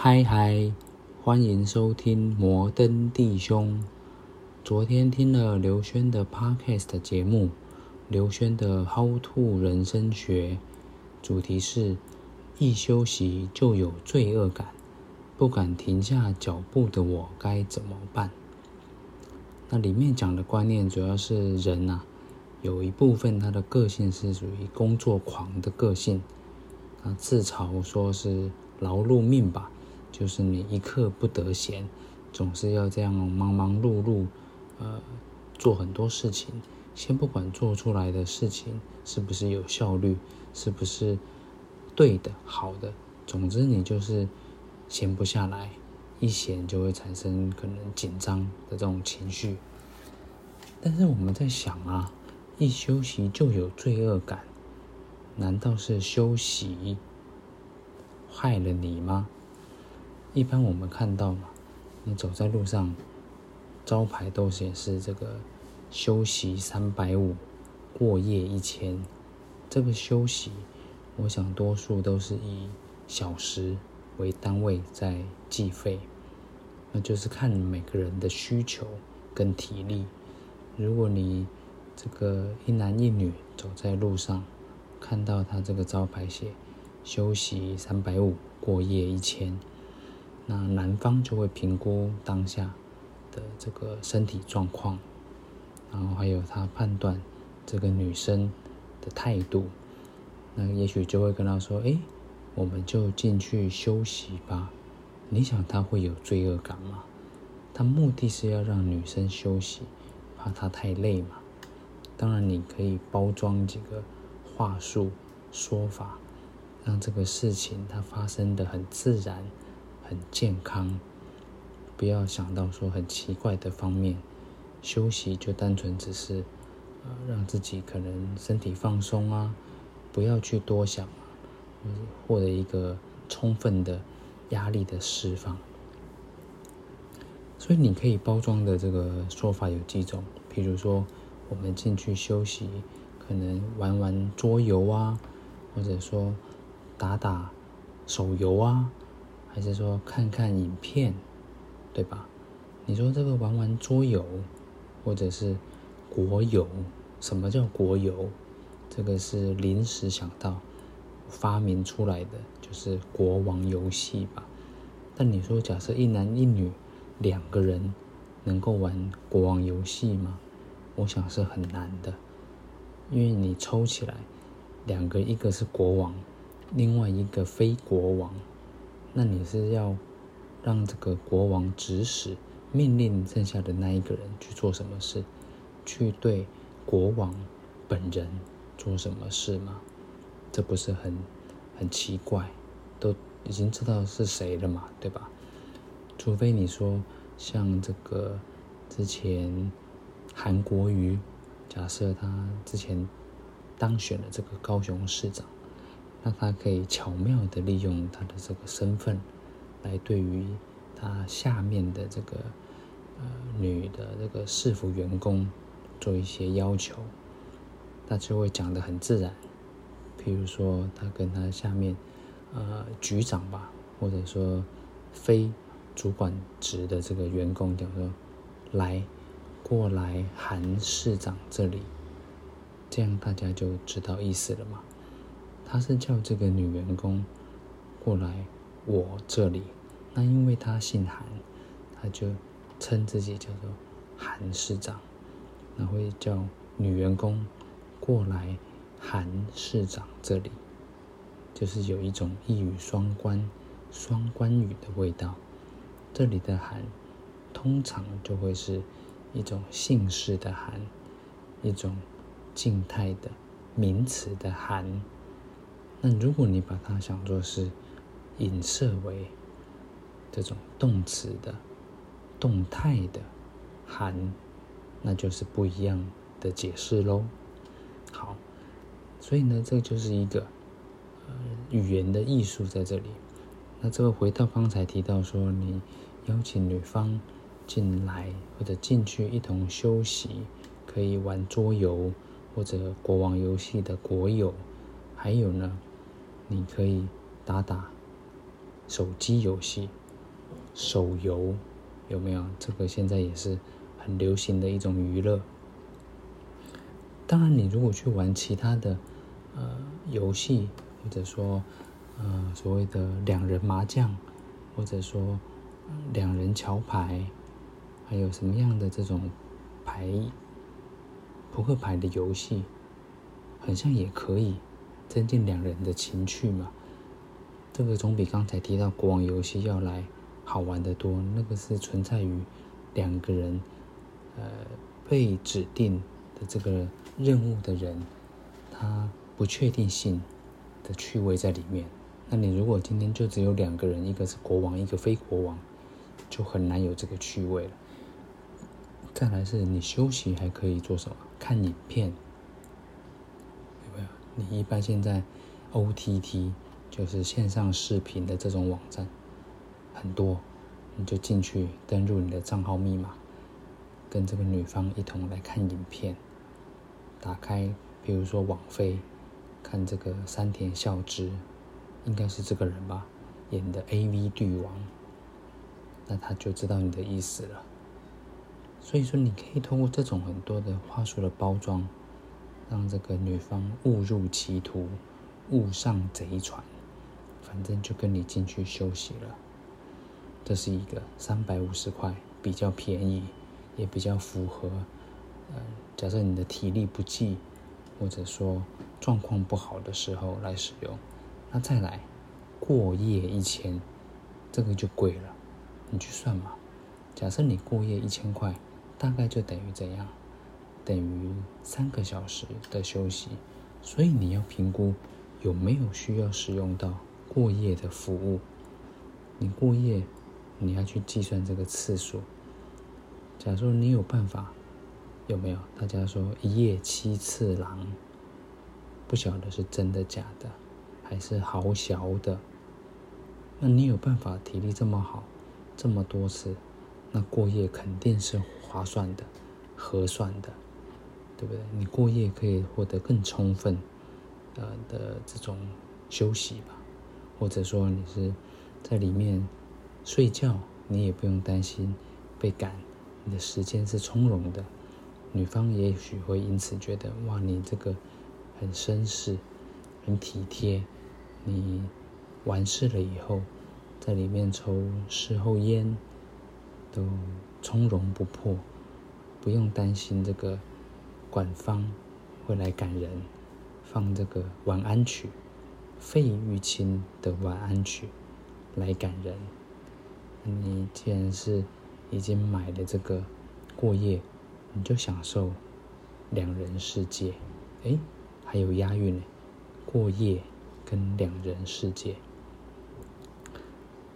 嗨嗨，hi hi, 歡迎收聽摩登弟兄。昨天聽了劉軒的 Podcast 節目，劉軒的《How to 人生學》，主題是：一休息就有罪惡感，不敢停下腳步的我該怎麼辦？那裡面講的觀念主要是人吶、啊，有一部分他的個性是屬於工作狂的個性，他自嘲說是勞碌命吧。就是你一刻不得閒，總是要這樣忙忙碌碌，呃，做很多事情。先不管做出來的事情是不是有效率，是不是對的、好的，總之你就是閒不下來。一閒就會產生可能緊張的這種情緒。但是我們在想啊，一休息就有罪惡感，難道是休息害了你嗎？一般我們看到嘛，你走在路上，招牌都顯示這個休息三百五，過夜一千。這個休息，我想多數都是以小時為單位在計費，那就是看你每個人的需求跟體力。如果你這個一男一女走在路上，看到他這個招牌寫休息三百五，過夜一千。那男方就會評估當下的這個身體狀況，然後還有他判斷這個女生的態度，那也許就會跟她說：“欸，我們就進去休息吧。”你想他會有罪惡感嗎？他目的是要讓女生休息，怕她太累嘛。當然，你可以包裝幾個話術說法，讓這個事情它發生得很自然。很健康，不要想到說很奇怪的方面，休息就單純只是呃讓自己可能身體放鬆啊，不要去多想，獲得一個充分的壓力的釋放。所以你可以包裝的這個說法有幾種，比如說我們進去休息，可能玩玩桌遊啊，或者說打打手遊啊。還是說看看影片，對吧？你說這個玩玩桌遊，或者是國遊？什麼叫國遊？這個是臨時想到發明出來的，就是國王遊戲吧。但你說假設一男一女兩個人能夠玩國王遊戲嗎？我想是很難的，因為你抽起來，兩個，一個是國王，另外一個非國王。那你是要讓這個國王指使、命令剩下的那一個人去做什麼事，去對國王本人做什麼事嗎？這不是很很奇怪？都已經知道是誰了嘛，對吧？除非你說像這個之前韓國瑜，假設他之前當選了這個高雄市長。那他可以巧妙的利用他的這個身份，來對於他下面的這個呃女的這個市府員工做一些要求，他就會講的很自然。譬如說，他跟他下面呃局長吧，或者說非主管職的這個員工，講說，來，過來韓市長這裡，這樣大家就知道意思了嘛。他是叫這個女員工過來我這裡，那因為他姓韓，他就稱自己叫做韓市長，然後叫女員工過來韓市長這裡，就是有一種一語雙關、雙關語的味道。這裡的“韓”通常就會是一種姓氏的“韓”，一種靜態的名詞的“韓”。那如果你把它想作是影射為這種動詞的動態的含，那就是不一樣的解釋嘍。好，所以呢，這就是一個、呃、語言的藝術在這裡。那這個回到方才提到說，你邀請女方進來或者進去一同休息，可以玩桌遊或者國王遊戲的國友，還有呢？你可以打打手機遊戲，手遊，有沒有？這個現在也是很流行的一種娛樂。當然，你如果去玩其他的，呃，遊戲，或者說，呃，所謂的兩人麻將，或者說兩人橋牌，還有什麼樣的這種牌，撲克牌的遊戲，好像也可以。增進兩人的情趣嘛，這個總比剛才提到國王遊戲要來好玩得多。那個是存在於兩個人，呃，被指定的這個任務的人，他不確定性的趣味在裡面。那你如果今天就只有兩個人，一個是國王，一個非國王，就很難有這個趣味了。再來是你休息還可以做什麼？看影片。你一般現在 OTT 就是線上視頻的這種網站很多，你就進去登錄你的賬號密碼，跟這個女方一同來看影片，打開比如說網飛，看這個山田孝之，應該是這個人吧，演的 AV 女王，那他就知道你的意思了，所以說你可以通過這種很多的話術的包裝。讓這個女方誤入歧途，誤上賊船，反正就跟你進去休息了。這是一個三百五十塊，比較便宜，也比較符合，呃，假設你的體力不濟，或者說狀況不好的時候來使用，那再來過夜一千，這個就貴了。你去算嘛，假設你過夜一千塊，大概就等於怎樣？等於三個小時的休息，所以你要評估有沒有需要使用到過夜的服務。你過夜，你要去計算這個次數。假如說你有辦法，有沒有？大家說一夜七次郎，不曉得是真的假的，還是唬洨的？那你有辦法，體力這麼好，這麼多次，那過夜肯定是划算的，合算的。對不對？你過夜可以獲得更充分,呃的這種休息吧，或者說你是，在裡面睡覺，你也不用擔心被趕，你的時間是從容的。女方也許會因此覺得，哇，你這個很紳士，很體貼。你完事了以後，在裡面抽事後菸，都從容不迫，不用擔心這個。晚放會來感人，放這個晚安曲，費玉清的晚安曲來感人。你既然是已經買了這個過夜，你就享受兩人世界。誒，還有押韻呢，過夜跟兩人世界。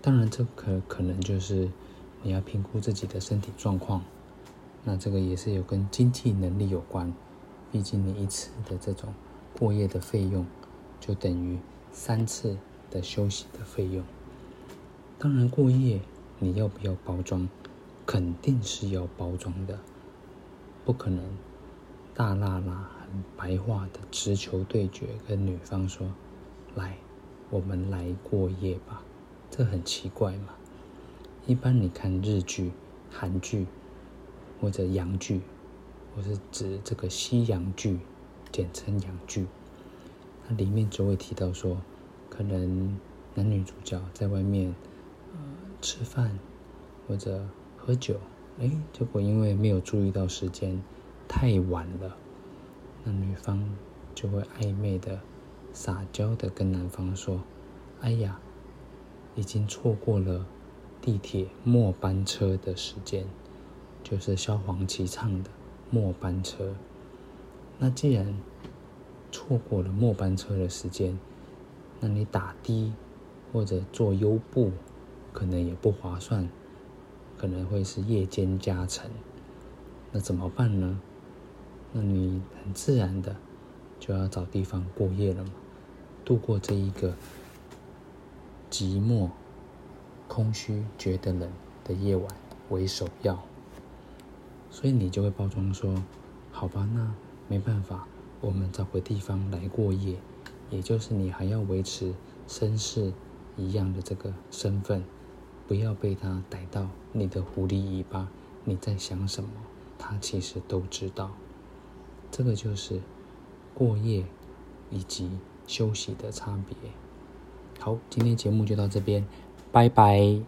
當然，這可可能就是你要評估自己的身體狀況。那這個也是有跟經濟能力有關，畢竟你一次的這種過夜的費用，就等於三次的休息的費用。當然過夜你要不要包裝，肯定是要包裝的，不可能大剌剌很白話的直球對決跟女方說，來，我們來過夜吧，這很奇怪嘛。一般你看日劇、韓劇，或者洋劇，我是指這個西洋劇，簡稱洋劇。那裡面就會提到說，可能男女主角在外面呃吃飯或者喝酒，誒、欸，結果因為沒有注意到時間太晚了，那女方就會曖昧的撒嬌的跟男方說：“哎呀，已經錯過了地鐵末班車的時間。”就是蕭煌奇唱的《末班車》。那既然錯過了末班車的時間，那你打的或者坐優步可能也不划算，可能會是夜間加成。那怎麼辦呢？那你很自然的就要找地方過夜了嘛，度過這一個寂寞、空虛、覺得冷的夜晚為首要。所以你就會包裝說：“好吧，那沒辦法，我們找個地方來過夜。”也就是你還要維持紳士一樣的這個身份，不要被他逮到你的狐狸尾巴。你在想什麼？他其實都知道。這個就是過夜以及休息的差別。好，今天節目就到這邊，拜拜。